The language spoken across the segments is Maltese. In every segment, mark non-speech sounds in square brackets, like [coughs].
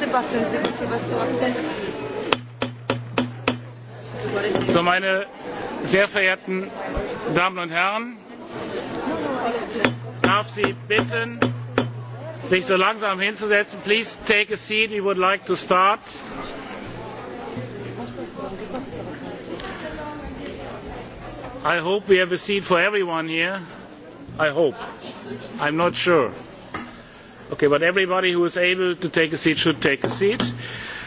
was so So, meine sehr verehrten Damen und Herren, darf Sie bitten, sich so langsam hinzusetzen. Please take a seat. We would like to start. I hope we have a seat for everyone here. I hope. I'm not sure. Okay, but everybody who is able to take a seat should take a seat.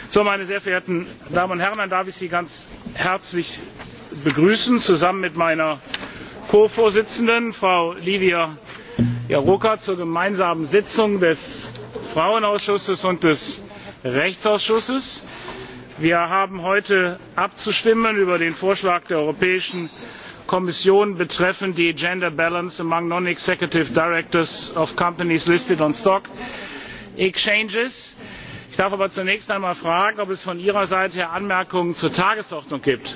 So, meine sehr verehrten Damen und Herren, dann darf ich Sie ganz herzlich begrüßen, zusammen mit meiner Co-Vorsitzenden, Frau Livia Jaroka, zur gemeinsamen Sitzung des Frauenausschusses und des Rechtsausschusses. Wir haben heute abzustimmen über den Vorschlag der Europäischen kommission betreffen die gender balance among non executive directors of companies listed on stock exchanges. ich darf aber zunächst einmal fragen ob es von ihrer seite her anmerkungen zur tagesordnung gibt.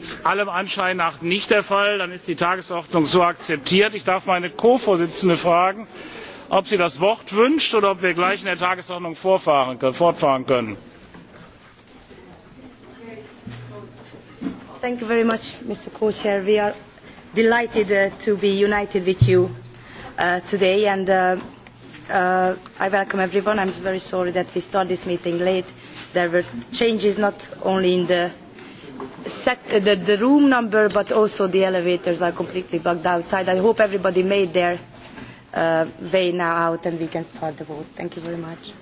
das ist allem anschein nach nicht der fall. dann ist die tagesordnung so akzeptiert. ich darf meine ko vorsitzende fragen ob sie das wort wünscht oder ob wir gleich in der tagesordnung fortfahren können. Thank you very much, Mr. Co-Chair. We are delighted uh, to be united with you uh, today, and uh, uh, I welcome everyone. I'm very sorry that we start this meeting late. There were changes not only in the, sec uh, the, the room number, but also the elevators are completely bugged outside. I hope everybody made their uh, way now out and we can start the vote. Thank you very much.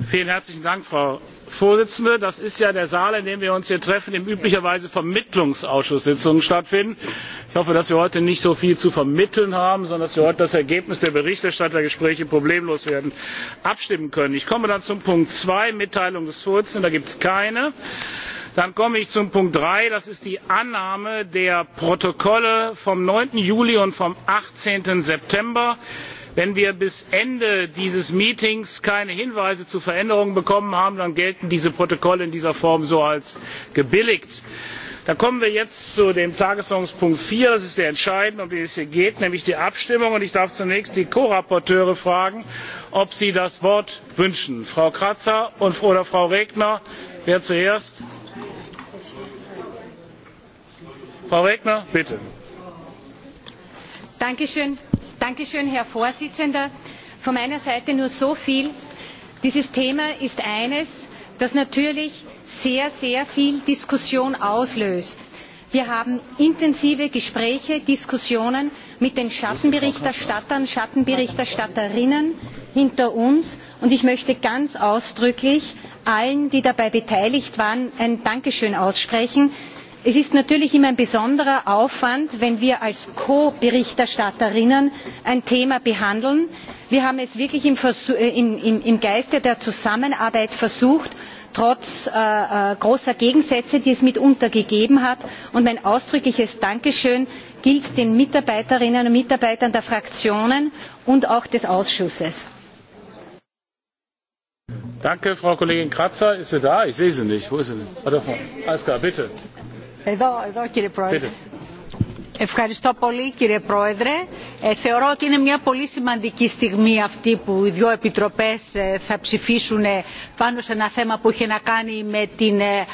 Vielen herzlichen Dank, Frau Vorsitzende, das ist ja der Saal, in dem wir uns hier treffen, in dem üblicherweise Vermittlungsausschusssitzungen stattfinden. Ich hoffe, dass wir heute nicht so viel zu vermitteln haben, sondern dass wir heute das Ergebnis der Berichterstattergespräche problemlos werden abstimmen können. Ich komme dann zum Punkt 2, Mitteilung des Vorsitzenden, da gibt es keine. Dann komme ich zum Punkt 3, das ist die Annahme der Protokolle vom 9. Juli und vom 18. September wenn wir bis ende dieses meetings keine hinweise zu veränderungen bekommen haben dann gelten diese protokolle in dieser form so als gebilligt. dann kommen wir jetzt zu dem tagesordnungspunkt vier das ist der entscheidende um den es hier geht nämlich die abstimmung ich darf zunächst die ko rapporteure fragen ob sie das wort wünschen. frau kratsa oder frau regner wer zuerst? frau regner bitte. Dankeschön, Herr Vorsitzender. Von meiner Seite nur so viel. Dieses Thema ist eines, das natürlich sehr, sehr viel Diskussion auslöst. Wir haben intensive Gespräche, Diskussionen mit den Schattenberichterstattern, Schattenberichterstatterinnen hinter uns. Und ich möchte ganz ausdrücklich allen, die dabei beteiligt waren, ein Dankeschön aussprechen. Es ist natürlich immer ein besonderer Aufwand, wenn wir als Co-Berichterstatterinnen ein Thema behandeln. Wir haben es wirklich im, Versuch, äh, im, im, im Geiste der Zusammenarbeit versucht, trotz äh, äh, großer Gegensätze, die es mitunter gegeben hat. Und mein ausdrückliches Dankeschön gilt den Mitarbeiterinnen und Mitarbeitern der Fraktionen und auch des Ausschusses. Danke, Frau Kollegin Kratzer. Ist sie da? Ich sehe sie nicht. Wo ist sie denn? Ah, Alles klar, bitte. Εδώ, εδώ κύριε Πρόεδρε. Ευχαριστώ πολύ κύριε Πρόεδρε. Ε, θεωρώ ότι είναι μια πολύ σημαντική στιγμή αυτή που οι δύο επιτροπές θα ψηφίσουν πάνω σε ένα θέμα που έχει να κάνει με την ε, ε,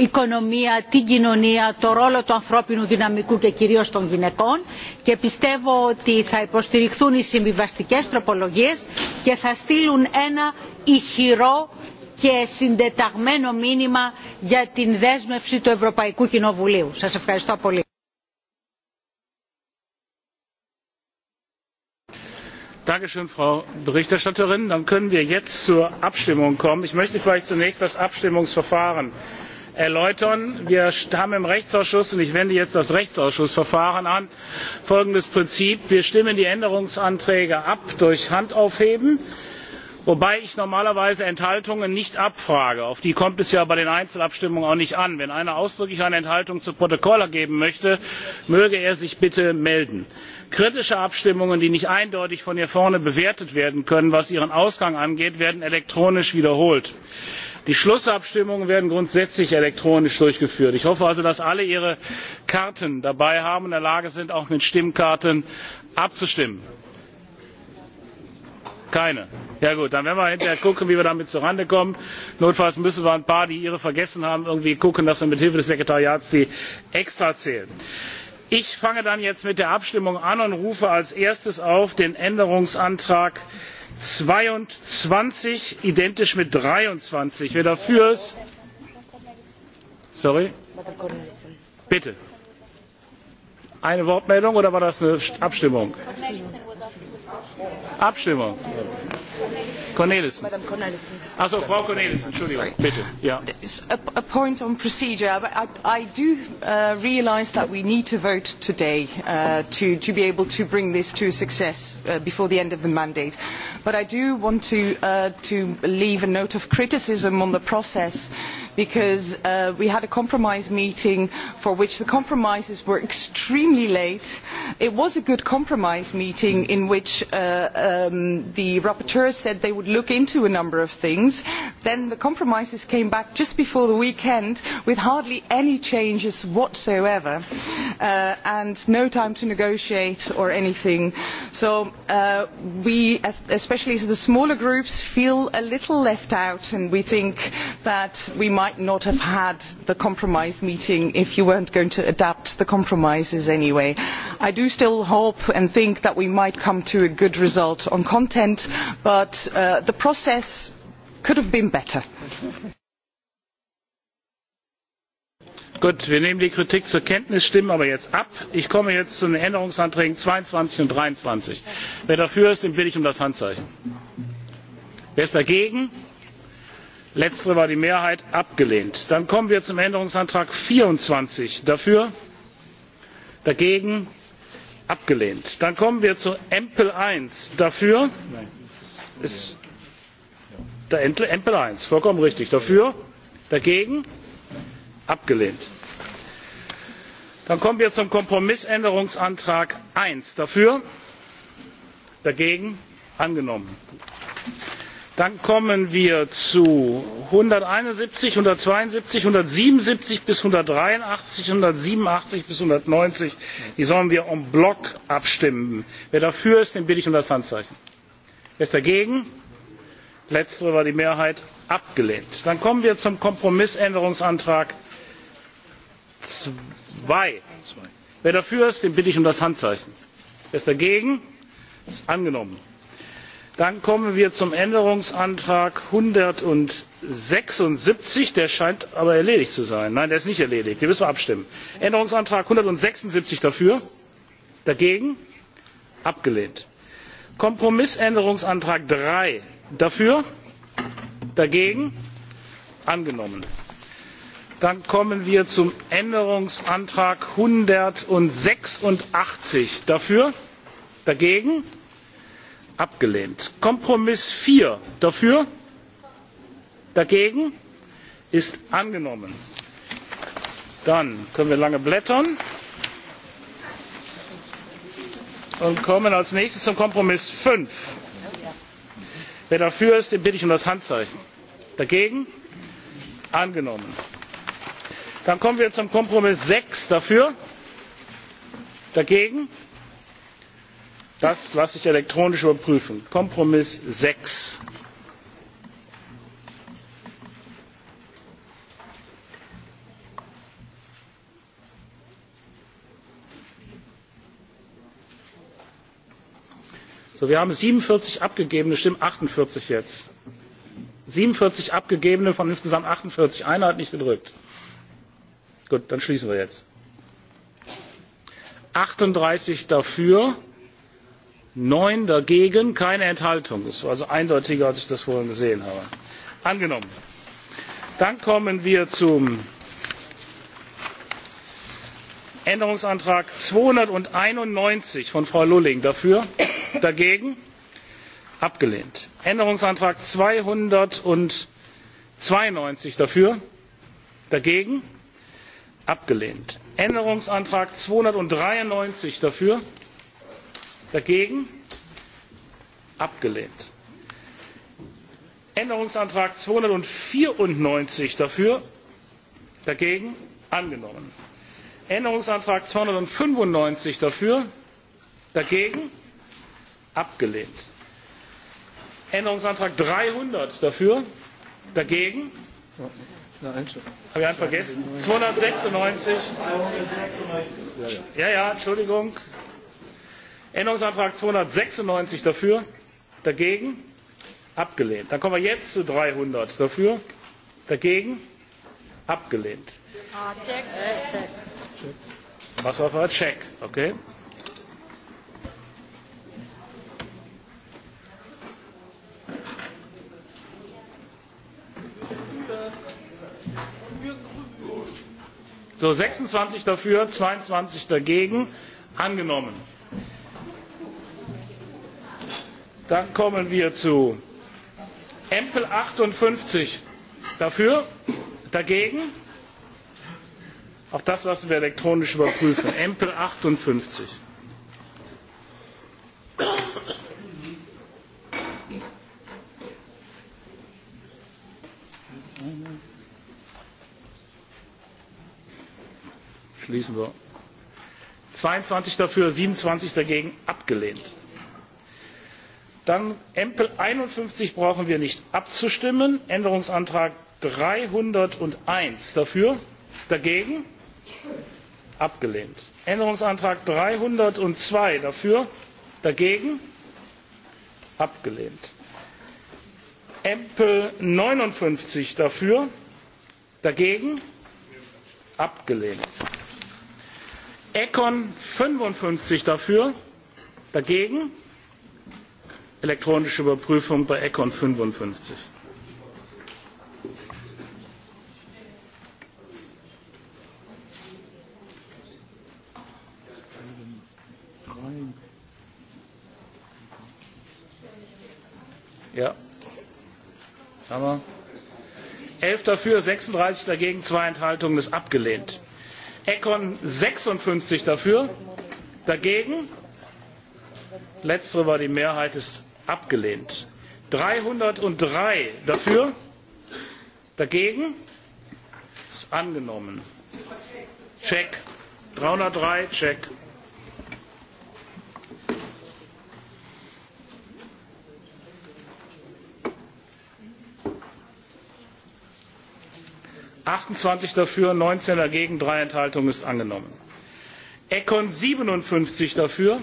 οικονομία, την κοινωνία, το ρόλο του ανθρώπινου δυναμικού και κυρίως των γυναικών και πιστεύω ότι θα υποστηριχθούν οι συμβιβαστικές τροπολογίες και θα στείλουν ένα ηχηρό και συντεταγμένο μήνυμα για την δέσμευση του Ευρωπαϊκού Κοινοβουλίου. Σας ευχαριστώ πολύ. Dankeschön, Frau Berichterstatterin. Dann können wir jetzt zur Abstimmung kommen. Ich möchte vielleicht zunächst das Abstimmungsverfahren erläutern. Wir haben im Rechtsausschuss, und ich wende jetzt das Rechtsausschussverfahren an, folgendes Prinzip. Wir stimmen die Änderungsanträge ab durch Handaufheben wobei ich normalerweise enthaltungen nicht abfrage auf die kommt es ja bei den einzelabstimmungen auch nicht an. wenn einer ausdrücklich eine enthaltung zu protokoll ergeben möchte möge er sich bitte melden. kritische abstimmungen die nicht eindeutig von hier vorne bewertet werden können was ihren ausgang angeht werden elektronisch wiederholt. die schlussabstimmungen werden grundsätzlich elektronisch durchgeführt. ich hoffe also dass alle ihre karten dabei haben und in der lage sind auch mit stimmkarten abzustimmen keine. ja gut dann werden wir hinterher gucken wie wir damit zurande kommen. notfalls müssen wir ein paar die ihre vergessen haben irgendwie gucken dass wir mit hilfe des sekretariats die extra zählen. ich fange dann jetzt mit der abstimmung an und rufe als erstes auf den änderungsantrag zweiundzwanzig identisch mit 23. wer dafür ist sorry bitte eine wortmeldung oder war das eine abstimmung? abstimmung Abstimmung. Cornelissen. Also Frau Cornelissen, Entschuldigung, bitte. Ja. A, a point on procedure. I, I I do uh, realize that we need to vote today uh, to, to be able to bring this to success uh, before the end of the mandate. But I do want to, uh, to leave a note of criticism on the process because uh, we had a compromise meeting for which the compromises were extremely late. It was a good compromise meeting in which uh, um, the rapporteurs said they would look into a number of things. Then the compromises came back just before the weekend with hardly any changes whatsoever uh, and no time to negotiate or anything. So uh, we, especially especially the smaller groups, feel a little left out and we think that we might not have had the compromise meeting if you were not going to adapt the compromises anyway. I do still hope and think that we might come to a good result on content, but uh, the process could have been better. Gut, wir nehmen die Kritik zur Kenntnis, stimmen aber jetzt ab. Ich komme jetzt zu den Änderungsanträgen 22 und 23. Wer dafür ist, den bitte ich um das Handzeichen. Wer ist dagegen? Letztere war die Mehrheit abgelehnt. Dann kommen wir zum Änderungsantrag 24. Dafür? Dagegen? Abgelehnt. Dann kommen wir zu Empel 1. Dafür? Nein. Ist der Empel 1. Vollkommen richtig. Dafür? Dagegen? abgelehnt. dann kommen wir zum kompromissänderungsantrag eins dafür dagegen angenommen. dann kommen wir zu einhunderteinundsiebzig einhundertzweiundsiebzig einhundertsiebenundsiebzig bis einhundertdreiundachtzig einhundertsiebenundachtzig bis einhundertneunzig die sollen wir en bloc abstimmen. wer dafür ist den bitte ich um das handzeichen. wer ist dagegen? letztere war die mehrheit abgelehnt. dann kommen wir zum kompromissänderungsantrag zwei. Wer dafür ist, den bitte ich um das Handzeichen. Wer ist dagegen? Ist angenommen. Dann kommen wir zum Änderungsantrag 176. Der scheint aber erledigt zu sein. Nein, der ist nicht erledigt. Den müssen wir abstimmen. Änderungsantrag 176 dafür. Dagegen? Abgelehnt. Kompromissänderungsantrag 3 dafür. Dagegen? Angenommen Dann kommen wir zum Änderungsantrag 186. Dafür? Dagegen? Abgelehnt. Kompromiss 4. Dafür? Dagegen? Ist angenommen. Dann können wir lange blättern und kommen als nächstes zum Kompromiss 5. Wer dafür ist, den bitte ich um das Handzeichen. Dagegen? Angenommen. Dann kommen wir zum Kompromiss sechs dafür. Dagegen? Das lasse ich elektronisch überprüfen. Kompromiss sechs. So, wir haben 47 abgegebene Stimmen, 48 jetzt. 47 abgegebene von insgesamt 48. Einer hat nicht gedrückt. Gut, dann schließen wir jetzt. 38 dafür, 9 dagegen, keine Enthaltung. Das war also eindeutiger, als ich das vorhin gesehen habe. Angenommen. Dann kommen wir zum Änderungsantrag 291 von Frau Lulling. Dafür, dagegen, abgelehnt. Änderungsantrag 292 dafür, dagegen, abgelehnt; änderungsantrag zweihundertdreiundneunzig dafür dagegen abgelehnt; änderungsantrag 294 dafür dagegen angenommen; änderungsantrag zweihundertfünfundneunzig dafür dagegen abgelehnt; änderungsantrag dreihundert dafür dagegen Habe ich einen vergessen? 296. Ja, ja, Entschuldigung. Änderungsantrag 296 dafür, dagegen, abgelehnt. Dann kommen wir jetzt zu 300 dafür, dagegen, abgelehnt. Ah, check. Äh, check. Was war für ein Check? Okay. So, 26 dafür, 22 dagegen, angenommen. Dann kommen wir zu Empel 58 dafür, dagegen. Auch das lassen wir elektronisch überprüfen. Empel 58. beschließen wir. zweiundzwanzig dafür siebenundzwanzig dagegen abgelehnt. dann Empel einundfünfzig brauchen wir nicht abzustimmen änderungsantrag 301 dafür dagegen abgelehnt; änderungsantrag 302 dafür dagegen abgelehnt; Empel neunundfünfzig dafür dagegen abgelehnt; Econ 55 dafür, dagegen, elektronische Überprüfung bei Econ 55. Ja. Haben wir. 11 dafür, 36 dagegen, zwei Enthaltungen ist abgelehnt. Econ 56 dafür, dagegen. Letztere war die Mehrheit, ist abgelehnt. 303 dafür, dagegen. Ist angenommen. Check. 303, check. achtundzwanzig dafür neunzehn dagegen drei enthaltungen ist angenommen. econ siebenundfünfzig dafür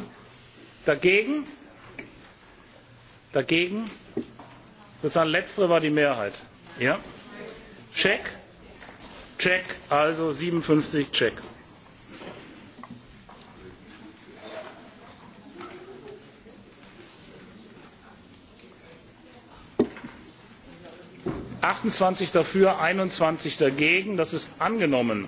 dagegen dagegen letztere war die mehrheit ja check check also siebenundfünfzig check. achtundzwanzig dafür einundzwanzig dagegen das ist angenommen.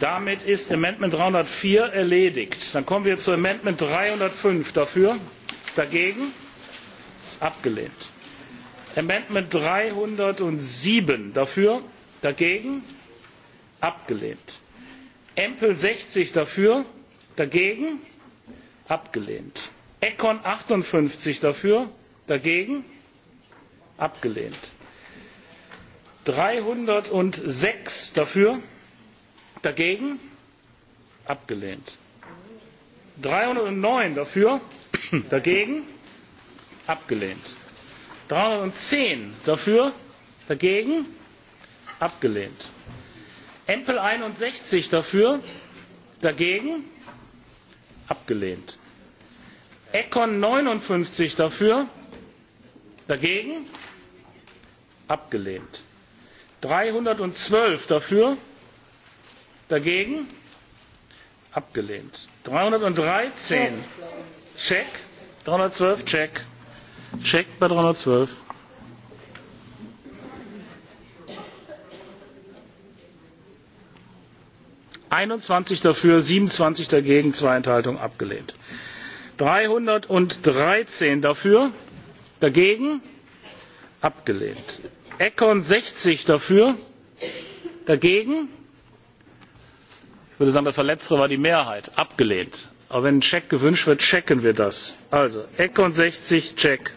damit ist änderungsantrag dreihundertvier erledigt. dann kommen wir zu änderungsantrag dreihundertfünf dafür dagegen ist abgelehnt. änderungsantrag dreihundertsieben dafür dagegen abgelehnt. empl sechzig dafür dagegen abgelehnt. econ achtundfünfzig dafür dagegen abgelehnt. 306 dafür, dagegen, abgelehnt. 309 dafür, [coughs] dagegen, abgelehnt. 310 dafür, dagegen, abgelehnt. Empel 61 dafür, dagegen, abgelehnt. Econ 59 dafür, dagegen, abgelehnt dreihundertzwölf dafür dagegen abgelehnt dreihundertdreizehn check dreihundertzwölf check check bei dreihundertzwölf einundzwanzig dafür siebenundzwanzig dagegen zwei enthaltungen abgelehnt dreihundertdreizehn dafür dagegen abgelehnt Econ 60 dafür, dagegen. Ich würde sagen, das war letztere war die Mehrheit, abgelehnt. Aber wenn ein Check gewünscht wird, checken wir das. Also, Econ 60, Check.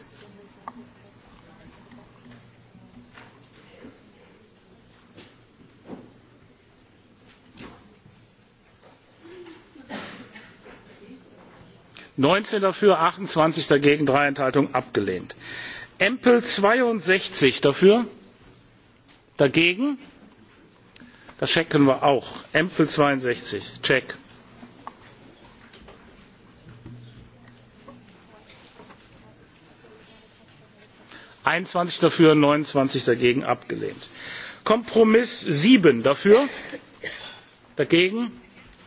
neunzehn dafür achtundzwanzig dagegen drei enthaltungen abgelehnt empl zweiundsechzig dafür dagegen das checken wir auch empl zweiundsechzig check einundzwanzig dafür neunundzwanzig dagegen abgelehnt kompromiss sieben dafür dagegen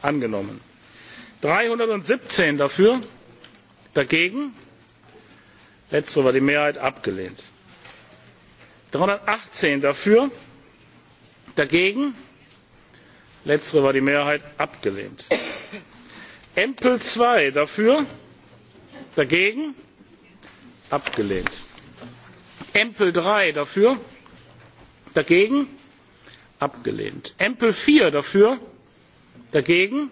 angenommen dreihundertsiebzehn dafür dagegen letztere war die mehrheit abgelehnt; 318 dafür dagegen letztere war die mehrheit abgelehnt; Empel 2 dafür dagegen abgelehnt; Empel drei dafür dagegen abgelehnt; Empel vier dafür dagegen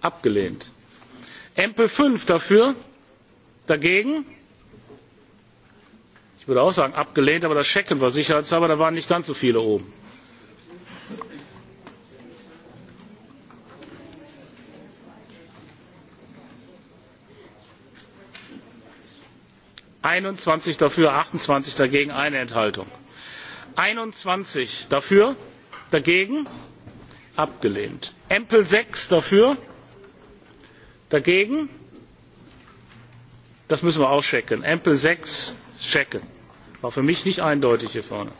abgelehnt; Empel fünf dafür dagegen ich würde auch sagen abgelehnt aber das checken wir sicherheitshalber da waren nicht ganz so viele oben einundzwanzig dafür achtundzwanzig dagegen eine enthaltung einundzwanzig dafür dagegen abgelehnt Empel sechs dafür dagegen Das müssen wir auch Ampel 6 checken. War für mich nicht eindeutig hier vorne.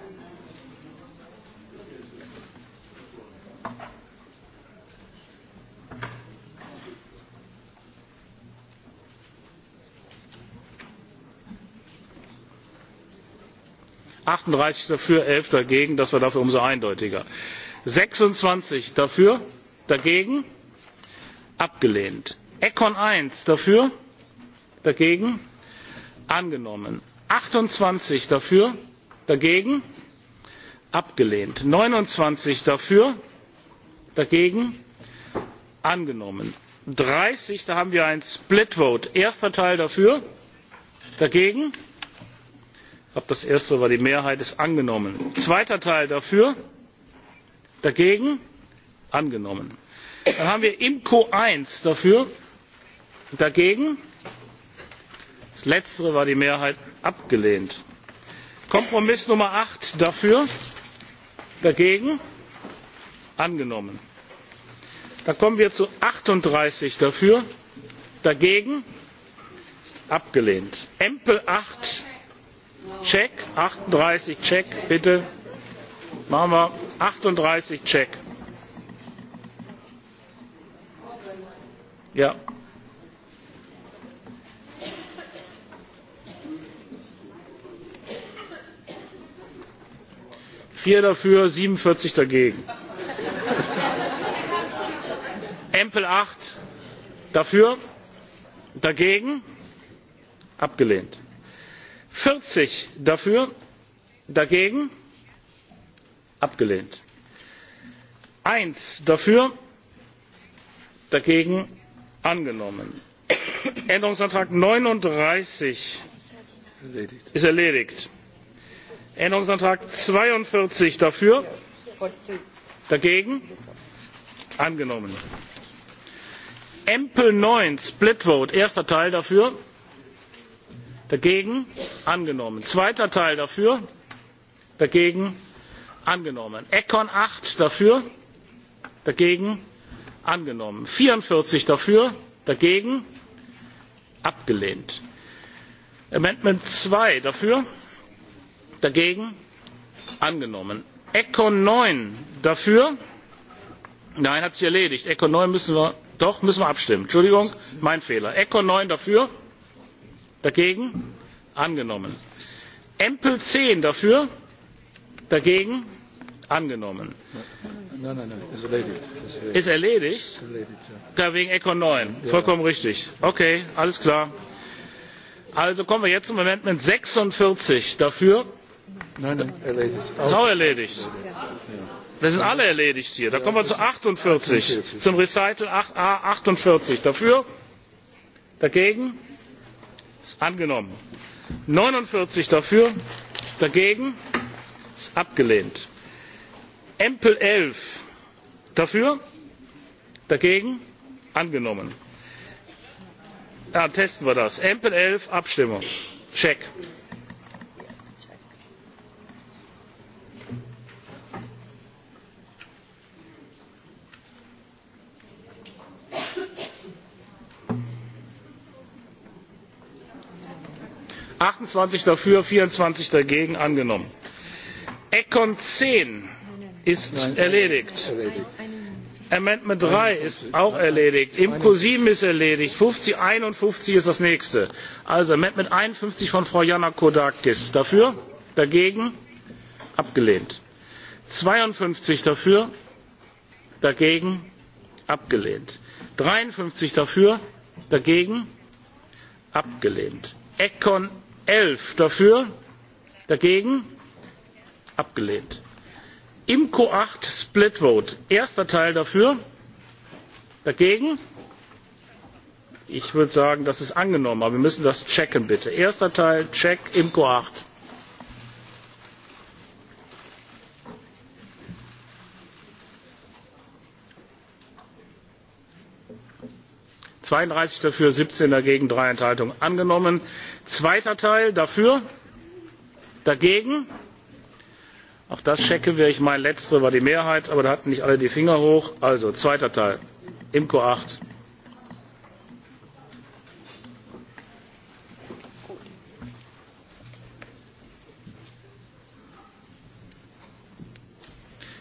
achtunddreißig dafür elf dagegen das war dafür umso eindeutiger sechsundzwanzig dafür dagegen abgelehnt econ eins dafür dagegen angenommen achtundzwanzig dafür dagegen abgelehnt neunundzwanzig dafür dagegen angenommen dreißig da haben wir ein split vote erster teil dafür dagegen ich glaube das erste war die mehrheit ist angenommen zweiter teil dafür dagegen angenommen dann haben wir q eins dafür dagegen das letztere war die mehrheit abgelehnt. kompromiss nummer acht dafür dagegen angenommen. dann kommen wir zu achtunddreißig dafür dagegen ist abgelehnt. Empel acht check achtunddreißig check bitte machen wir achtunddreißig check. ja vier dafür, 47 dagegen. Empel 8 dafür, dagegen, abgelehnt. 40 dafür, dagegen, abgelehnt. 1 dafür, dagegen, angenommen. Änderungsantrag 39 ist erledigt änderungsantrag zweiundvierzig dafür dagegen angenommen; empl neun split vote erster teil dafür dagegen angenommen; zweiter teil dafür dagegen angenommen; econ acht dafür dagegen angenommen; vierundvierzig dafür dagegen abgelehnt; amendment zwei dafür dagegen angenommen. Echo 9 dafür. Nein, hat sich erledigt. Echo 9 müssen wir, doch, müssen wir abstimmen. Entschuldigung, mein Fehler. Echo 9 dafür, dagegen, angenommen. Empel 10 dafür, dagegen, angenommen. Nein, nein, nein, ist erledigt. Ist erledigt? Ist ja. wegen Echo 9. Vollkommen richtig. Okay, alles klar. Also kommen wir jetzt zum Amendment 46 dafür, Nein, nein, erledigt. Ist erledigt. Wir sind alle erledigt hier. Da kommen wir zu 48, zum Recital a 48. Dafür? Dagegen? Ist angenommen. 49 dafür? Dagegen? Ist abgelehnt. Empel 11 dafür? Dagegen? Angenommen. Ja, testen wir das. Empel 11, Abstimmung. Check. achtundzwanzig dafür vierundzwanzig dagegen angenommen. econ zehn ist erledigt. Amendment drei ist auch erledigt. Imco sieben ist erledigt. 50, 51 ist das nächste. Also Amendment 51 von Frau Jana Kodakis. Dafür? Dagegen? Abgelehnt. 52 dafür? Dagegen? Abgelehnt. 53 dafür? Dagegen? Abgelehnt. Econ elf dafür, dagegen abgelehnt. Imco 8 Split Vote. Erster Teil dafür, dagegen. Ich würde sagen, das ist angenommen, aber wir müssen das checken bitte. Erster Teil, check, Imco 8. zweiunddreißig dafür siebzehn dagegen drei enthaltungen angenommen. zweiter teil dafür dagegen auch das checke wir ich meine letztere war die mehrheit aber da hatten nicht alle die finger hoch also zweiter teil imco acht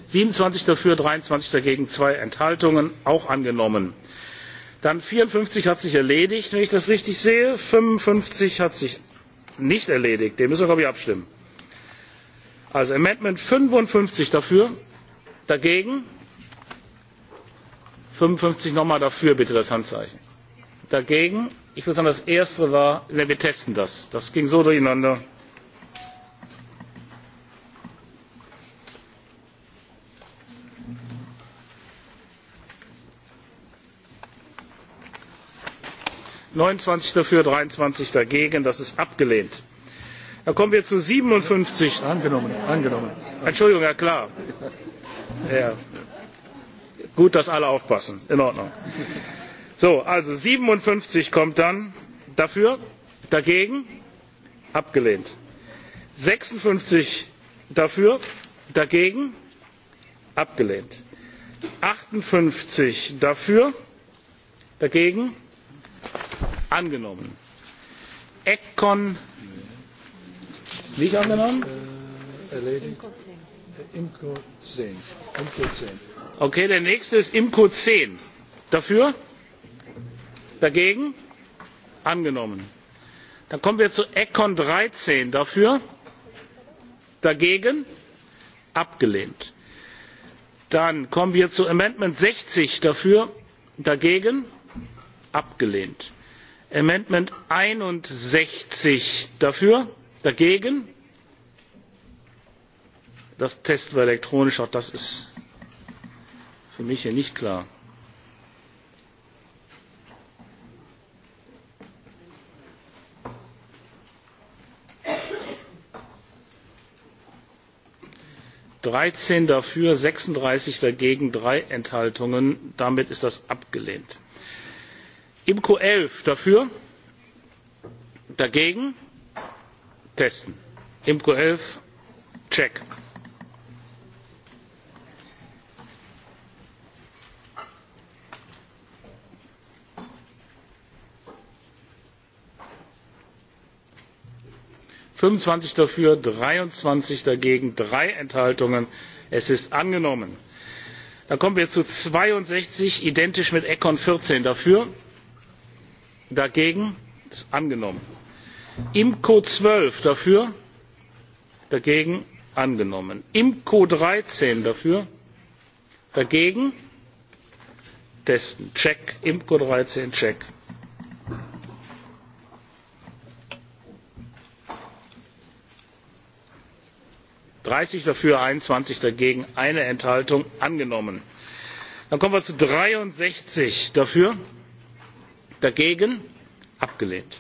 siebenundzwanzig dafür dreiundzwanzig dagegen zwei enthaltungen auch angenommen. Dann 54 hat sich erledigt, wenn ich das richtig sehe. 55 hat sich nicht erledigt. Dem müssen wir, glaube ich, abstimmen. Also Amendment 55 dafür, dagegen. 55 nochmal dafür, bitte das Handzeichen. Dagegen. Ich würde sagen, das erste war, wir testen das. Das ging so durcheinander. neunundzwanzig dafür dreiundzwanzig dagegen das ist abgelehnt. dann kommen wir zu siebenundfünfzig angenommen, angenommen entschuldigung herr klar ja. gut dass alle aufpassen in ordnung. so also siebenundfünfzig kommt dann dafür dagegen abgelehnt sechsundfünfzig dafür dagegen abgelehnt achtundfünfzig dafür dagegen angenommen. Econ nicht angenommen? Äh, erledigt. Imco 10. Äh, Imco 10. Okay, der nächste ist Imco 10. Dafür? Dagegen? Angenommen. Dann kommen wir zu Econ 13. Dafür? Dagegen? Abgelehnt. Dann kommen wir zu Amendment 60. Dafür? Dagegen? Abgelehnt Amendment 61 dafür, dagegen. Das testen wir elektronisch, auch das ist für mich hier nicht klar. dreizehn dafür sechsunddreißig dagegen drei enthaltungen. damit ist das abgelehnt imco elf dafür dagegen testen imco elf check fünfundzwanzig dafür dreiundzwanzig dagegen drei enthaltungen es ist angenommen. dann kommen wir zu zweiundsechzig identisch mit econ vierzehn dafür dagegen ist angenommen. imco zwölf dafür dagegen angenommen. imco dreizehn dafür dagegen testen check imco dreizehn check. dreißig dafür einundzwanzig dagegen eine enthaltung angenommen. dann kommen wir zu dreiundsechzig dafür Dagegen? Abgelehnt.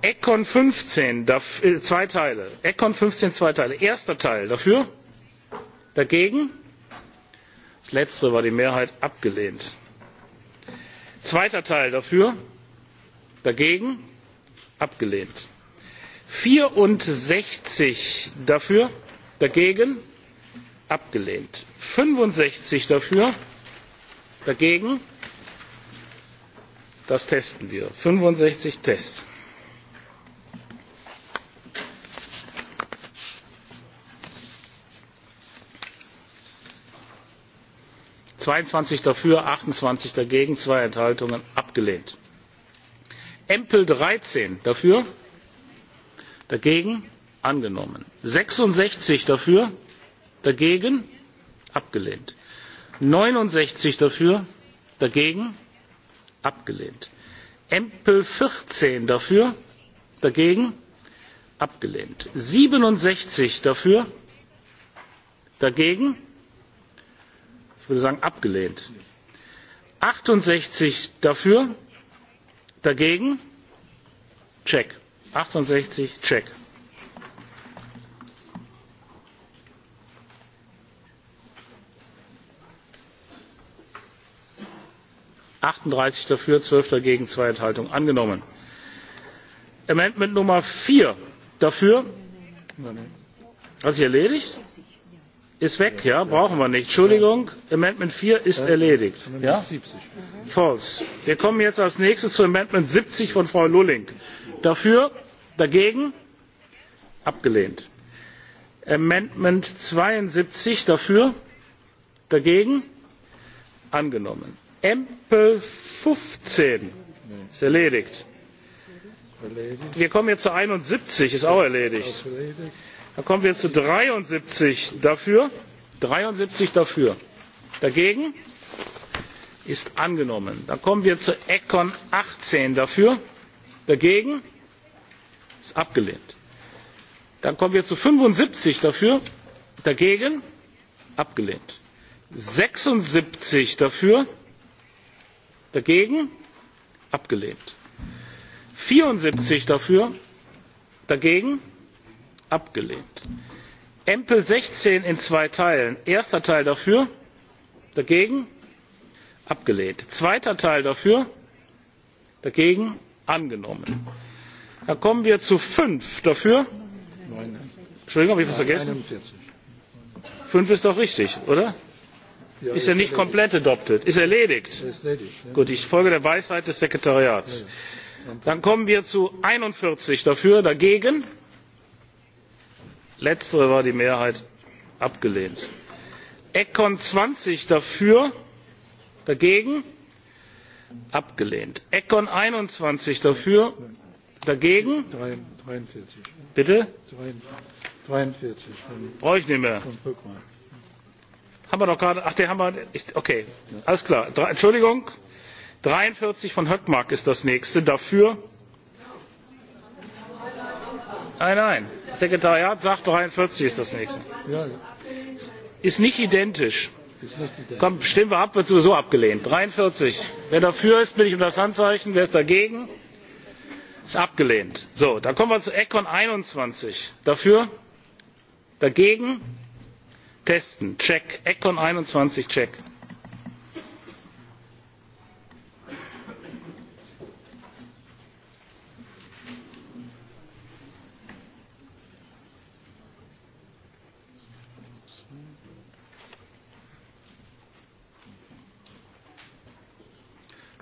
Econ 15, äh, zwei Teile. Econ 15, zwei Teile. Erster Teil dafür? Dagegen? Das letzte war die Mehrheit abgelehnt. Zweiter Teil dafür? Dagegen? Abgelehnt. 64 dafür? Dagegen? Abgelehnt. 65 dafür? Dagegen? Das testen wir. 65 Tests. zweiundzwanzig dafür achtundzwanzig dagegen zwei enthaltungen abgelehnt. Empel dreizehn dafür dagegen angenommen sechsundsechzig dafür dagegen abgelehnt neunundsechzig dafür dagegen abgelehnt. Empel 14 dafür, dagegen abgelehnt. 67 dafür, dagegen, ich würde sagen abgelehnt. 68 dafür, dagegen, check. 68 check. achtunddreißig dafür zwölf dagegen zwei enthaltungen angenommen; änderungsantrag nummer vier dafür hat sich erledigt ist weg ja brauchen wir nicht entschuldigung änderungsantrag vier ist erledigt ja false. wir kommen jetzt als nächstes zu änderungsantrag siebzig von frau lulling dafür dagegen abgelehnt; änderungsantrag zweiundsiebzig dafür dagegen angenommen; Empel 15 ist erledigt. Wir kommen jetzt zu 71, ist auch erledigt. Dann kommen wir zu 73 dafür. 73 dafür. Dagegen ist angenommen. Dann kommen wir zu Econ 18 dafür. Dagegen ist abgelehnt. Dann kommen wir zu 75 dafür. Dagegen abgelehnt. 76 dafür dagegen abgelehnt. vierundsiebzig dafür dagegen abgelehnt. empl sechzehn in zwei teilen erster teil dafür dagegen abgelehnt. zweiter teil dafür dagegen angenommen. dann kommen wir zu fünf dafür entschuldigung habe ich was vergessen? fünf ist doch richtig oder? Ist er nicht komplett adopted? Ist er erledigt? Er Gut, ich folge der Weisheit des Sekretariats. Dann kommen wir zu 41 dafür, dagegen. Letztere war die Mehrheit abgelehnt. Econ 20 dafür, dagegen, abgelehnt. Econ 21 dafür, dagegen. 43. Bitte? 43. Brauche ich nicht mehr. Haben wir noch gerade, ach, den haben wir, ich, okay, alles klar. Dre, Entschuldigung, 43 von Höckmark ist das nächste. Dafür? Nein, nein. Das Sekretariat sagt 43 ist das nächste. Ist nicht identisch. Komm, stimmen wir ab, wird sowieso abgelehnt. 43. Wer dafür ist, bitte ich um das Handzeichen. Wer ist dagegen? Ist abgelehnt. So, dann kommen wir zu Econ 21. Dafür? Dagegen? testen check econ einundzwanzig check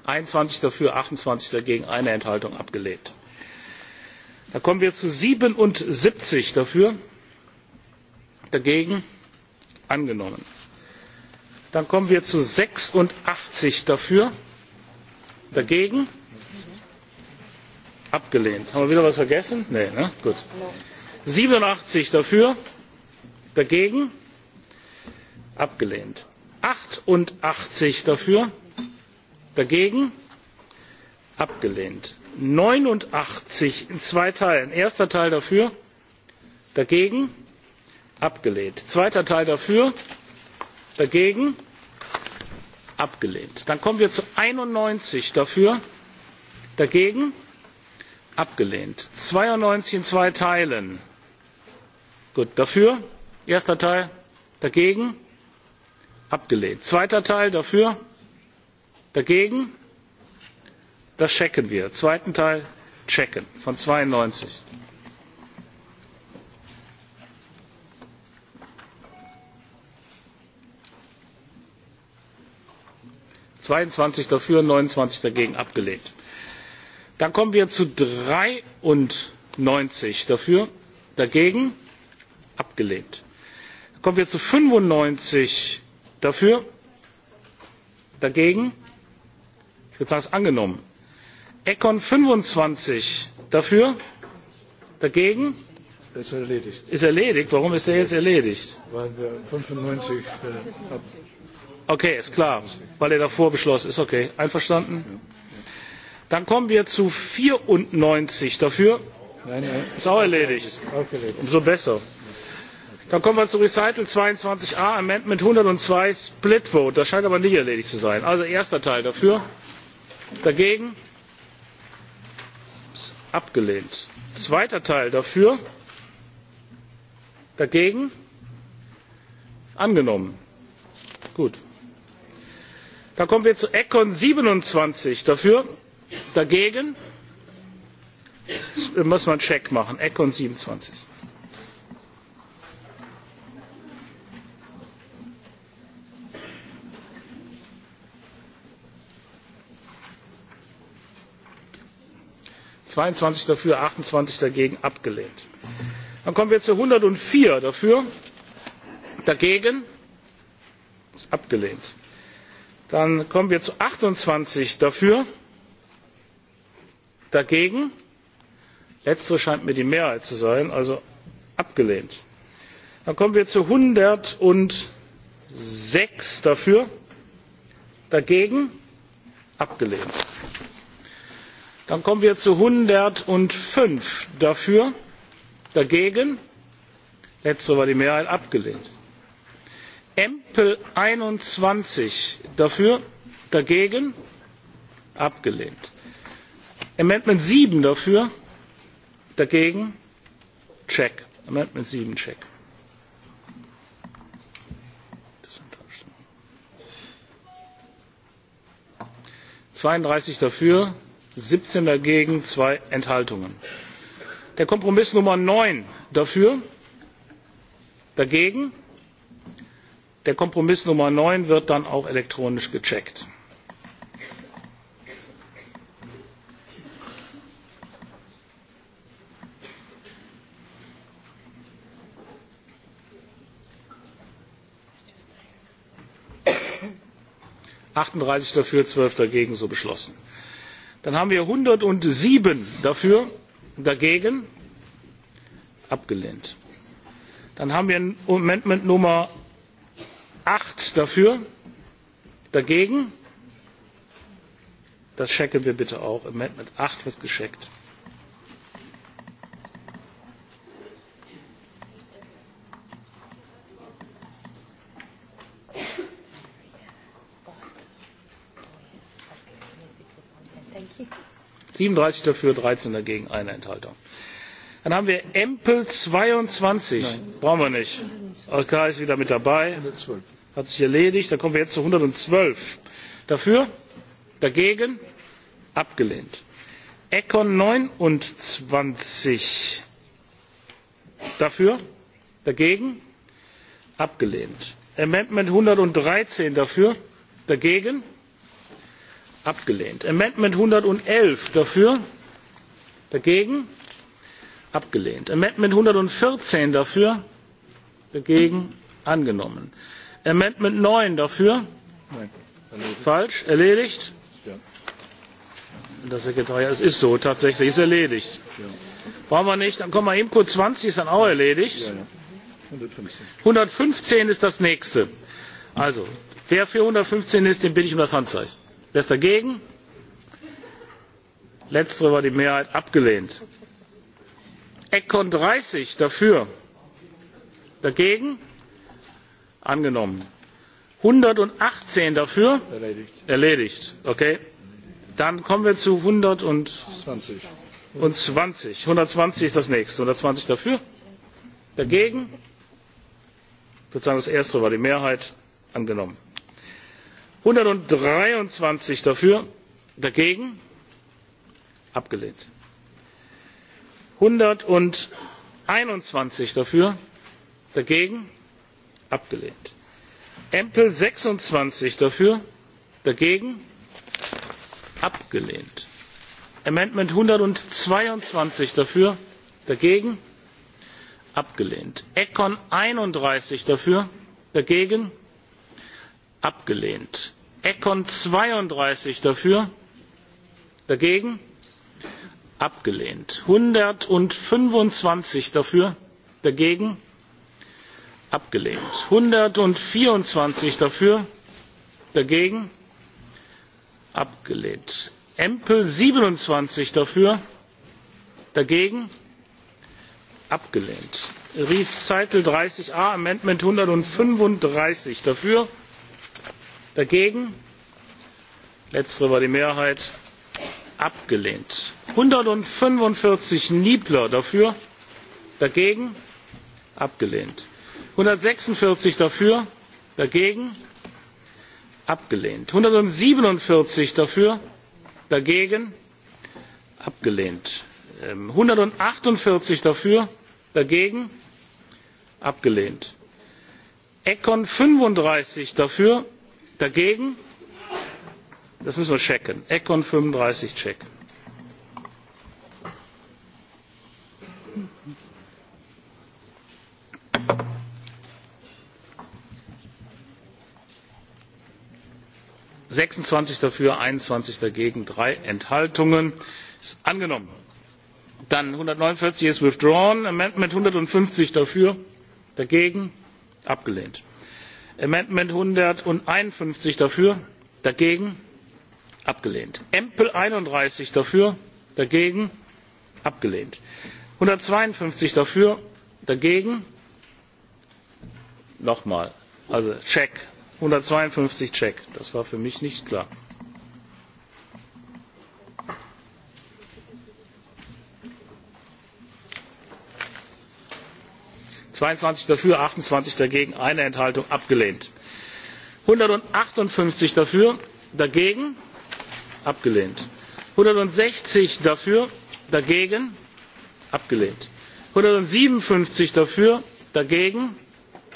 einundzwanzig dafür achtundzwanzig dagegen eine enthaltung abgelehnt. dann kommen wir zu siebenundsiebzig dafür dagegen angenommen. Dann kommen wir zu 86 dafür, dagegen, abgelehnt. Haben wir wieder was vergessen? Nee, ne? Gut. 87 dafür, dagegen, abgelehnt. 88 dafür, dagegen, abgelehnt. 89 in zwei Teilen. Erster Teil dafür, dagegen, abgelehnt. Zweiter Teil dafür, dagegen, abgelehnt. Dann kommen wir zu 91 dafür, dagegen, abgelehnt. 92 in zwei Teilen. Gut, dafür, erster Teil, dagegen, abgelehnt. Zweiter Teil dafür, dagegen, das checken wir. Zweiten Teil checken von 92. zweiundzwanzig dafür neunundzwanzig dagegen abgelehnt. dann kommen wir zu dreiundneunzig dafür dagegen abgelehnt. dann kommen wir zu fünfundneunzig dafür dagegen ich würde sagen es ist angenommen. econ fünfundzwanzig dafür dagegen ist erledigt. ist erledigt? warum ist er jetzt erledigt? weil wir fünfundneunzig äh, Okay, ist klar, weil er davor beschlossen ist. Okay, einverstanden? Dann kommen wir zu 94 dafür. Nein, Ist auch erledigt. Umso besser. Dann kommen wir zu Recital 22a, Amendment 102, Split Vote. Das scheint aber nicht erledigt zu sein. Also erster Teil dafür. Dagegen? Ist abgelehnt. Zweiter Teil dafür. Dagegen? Angenommen. Gut da kommen wir zu econ siebenundzwanzig dafür dagegen das muss man check machen econ siebenundzwanzig zweiundzwanzig dafür achtundzwanzig dagegen abgelehnt. dann kommen wir zu einhundertvier dafür dagegen ist abgelehnt Dann kommen wir zu 28 dafür. Dagegen. Letztere scheint mir die Mehrheit zu sein, also abgelehnt. Dann kommen wir zu 106 dafür. Dagegen. Abgelehnt. Dann kommen wir zu 105 dafür. Dagegen. Letztere war die Mehrheit abgelehnt empl einundzwanzig dafür dagegen abgelehnt; amendment sieben dafür dagegen check; amendment sieben check. zweiunddreißig dafür siebzehn dagegen zwei enthaltungen. der kompromiss nummer neun dafür dagegen Der Kompromiss Nummer 9 wird dann auch elektronisch gecheckt. achtunddreißig dafür zwölf dagegen so beschlossen. dann haben wir einhundertsieben dafür dagegen abgelehnt. dann haben wir amendment nummer acht dafür, dagegen. Das checken wir bitte auch. Amendment acht wird gescheckt. siebenunddreißig dafür dreizehn dagegen eine enthaltung. dann haben wir empl zweiundzwanzig brauchen wir nicht. okay ist wieder mit dabei hat sich erledigt. Dann kommen wir jetzt zu 112. Dafür? Dagegen? Abgelehnt. Econ 29. Dafür? Dagegen? Abgelehnt. Amendment 113 dafür? Dagegen? Abgelehnt. Amendment 111 dafür? Dagegen? Abgelehnt. Amendment 114 dafür? Dagegen? Angenommen. Amendment 9 dafür? Nein. Falsch? Erledigt? Das Sekretariat, es ist so, tatsächlich, ist erledigt. Brauchen wir nicht, dann kommen wir Imco 20, ist dann auch erledigt. 115. ist das nächste. Also, wer für 115 ist, den bitte ich um das Handzeichen. Wer ist dagegen? Letztere war die Mehrheit abgelehnt. Econ 30 dafür. Dagegen? angenommen. 118 dafür? Erledigt. Erledigt. Okay. Dann kommen wir zu 120. Und 20. 120 ist das nächste. 120 dafür? Dagegen? Ich würde sagen, das erste war die Mehrheit angenommen. 123 dafür, dagegen? Abgelehnt. 121 dafür, dagegen? abgelehnt. Empel 26 dafür, dagegen abgelehnt. Amendment 122 dafür, dagegen abgelehnt. Econ 31 dafür, dagegen abgelehnt. Econ 32 dafür, dagegen abgelehnt. 125 dafür, dagegen abgelehnt abgelehnt; 124 dafür dagegen abgelehnt; Empel 27 dafür dagegen abgelehnt; ries zeitel dreißig a amendment 135 dafür dagegen letztere war die mehrheit abgelehnt; 145 niebler dafür dagegen abgelehnt; einhundertsechsundvierzig dafür dagegen abgelehnt; einhundertsiebenundvierzig dafür dagegen abgelehnt; einhundertachtundvierzig ähm, dafür dagegen abgelehnt; econ fünfunddreißig dafür dagegen das müssen wir checken econ fünfunddreißig check. sechsundzwanzig dafür einundzwanzig dagegen drei enthaltungen ist angenommen. dann einhundertneunundvierzig ist withdrawn amendment einhundertfünfzig dafür dagegen abgelehnt; amendment einhunderteinundfünfzig dafür dagegen abgelehnt; empl einunddreißig dafür dagegen abgelehnt; einhundertzweiundfünfzig dafür dagegen nochmal also check 152 check. Das war für mich nicht klar. zweiundzwanzig dafür achtundzwanzig dagegen eine enthaltung abgelehnt; einhundertachtundfünfzig dafür dagegen abgelehnt; einhundertsechzig dafür dagegen abgelehnt; einhundertsiebenundfünfzig dafür dagegen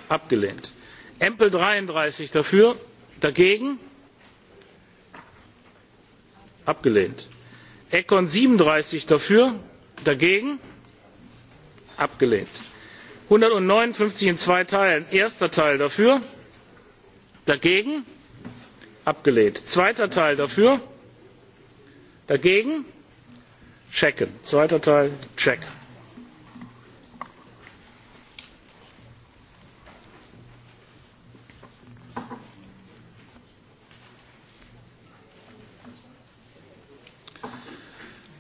abgelehnt; empl dreiunddreißig dafür dagegen abgelehnt; econ siebenunddreißig dafür dagegen abgelehnt; einhundertneunundfünfzig in zwei teilen erster teil dafür dagegen abgelehnt; zweiter teil dafür dagegen checken zweiter teil check.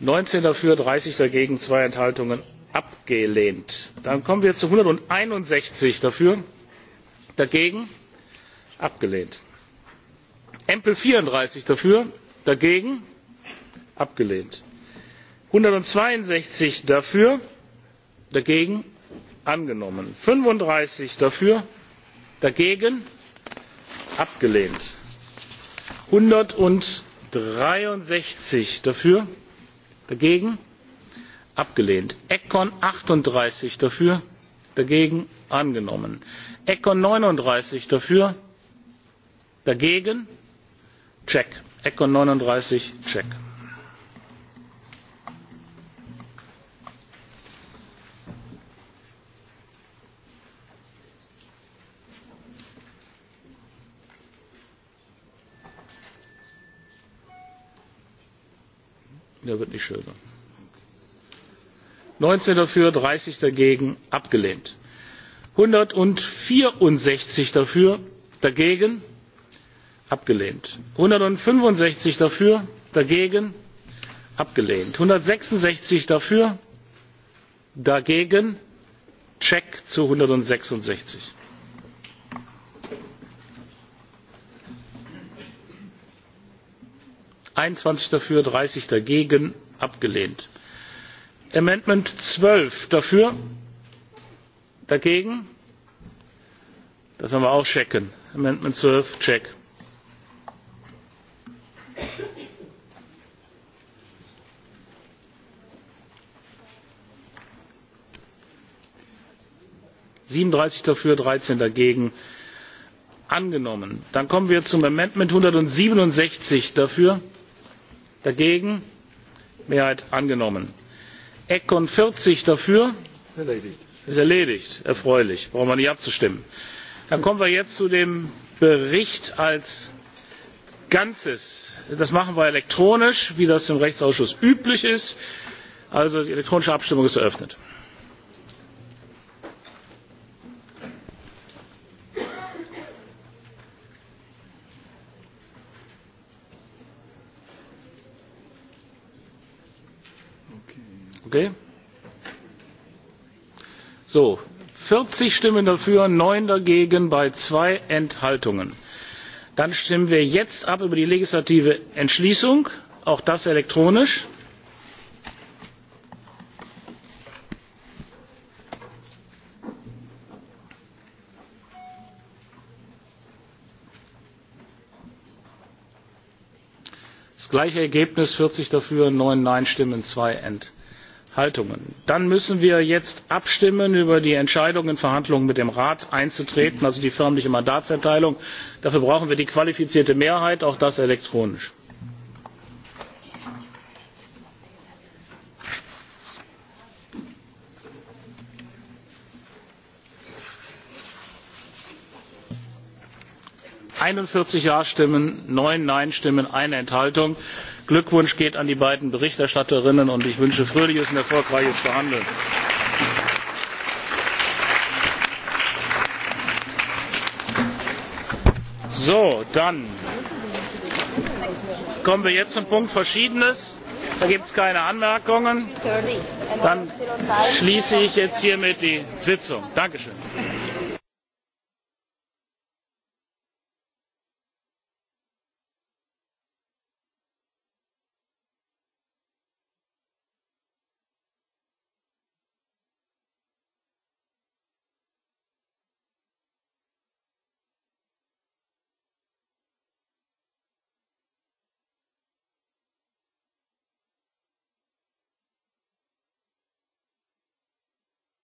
neunzehn dafür dreißig dagegen zwei enthaltungen abgelehnt. dann kommen wir zu einhunderteinundsechzig dafür dagegen abgelehnt. empl vierunddreißig dafür dagegen abgelehnt. einhundertzweiundsechzig dafür dagegen angenommen. fünfunddreißig dafür dagegen abgelehnt. einhundertdreiundsechzig dafür dagegen abgelehnt. Econ 38 dafür, dagegen angenommen. Econ 39 dafür, dagegen check. Econ 39 check. der wird nicht schöner. 19 dafür, 30 dagegen, abgelehnt. 164 dafür, dagegen, abgelehnt. 165 dafür, dagegen, abgelehnt. 166 dafür, dagegen, check zu 166. einundzwanzig dafür dreißig dagegen abgelehnt; amendment zwölf dafür dagegen das haben wir auch checken amendment zwölf check siebenunddreißig dafür dreizehn dagegen angenommen. dann kommen wir zum amendment einhundertsiebenundsechzig dafür dagegen mehrheit angenommen econ vierzig dafür erledigt. ist erledigt erfreulich brauchen wir nicht abzustimmen. dann kommen wir jetzt zu dem bericht als ganzes das machen wir elektronisch wie das im rechtsausschuss üblich ist also die elektronische abstimmung ist eröffnet. So, 40 Stimmen dafür, 9 dagegen bei 2 Enthaltungen. Dann stimmen wir jetzt ab über die legislative Entschließung, auch das elektronisch. Das gleiche Ergebnis, 40 dafür, 9 Nein-Stimmen, 2 Enthaltungen. Haltungen. Dann müssen wir jetzt abstimmen über die Entscheidung in Verhandlungen mit dem Rat einzutreten, also die förmliche Mandatserteilung. Dafür brauchen wir die qualifizierte Mehrheit, auch das elektronisch. einundvierzig ja stimmen neun nein stimmen eine enthaltung glückwunsch geht an die beiden berichterstatterinnen und ich wünsche fröhliches und erfolgreiches verhandeln. So, dann kommen wir jetzt zum Punkt Verschiedenes. Da gibt es keine Anmerkungen. Dann schließe ich jetzt hiermit die Sitzung. Dankeschön.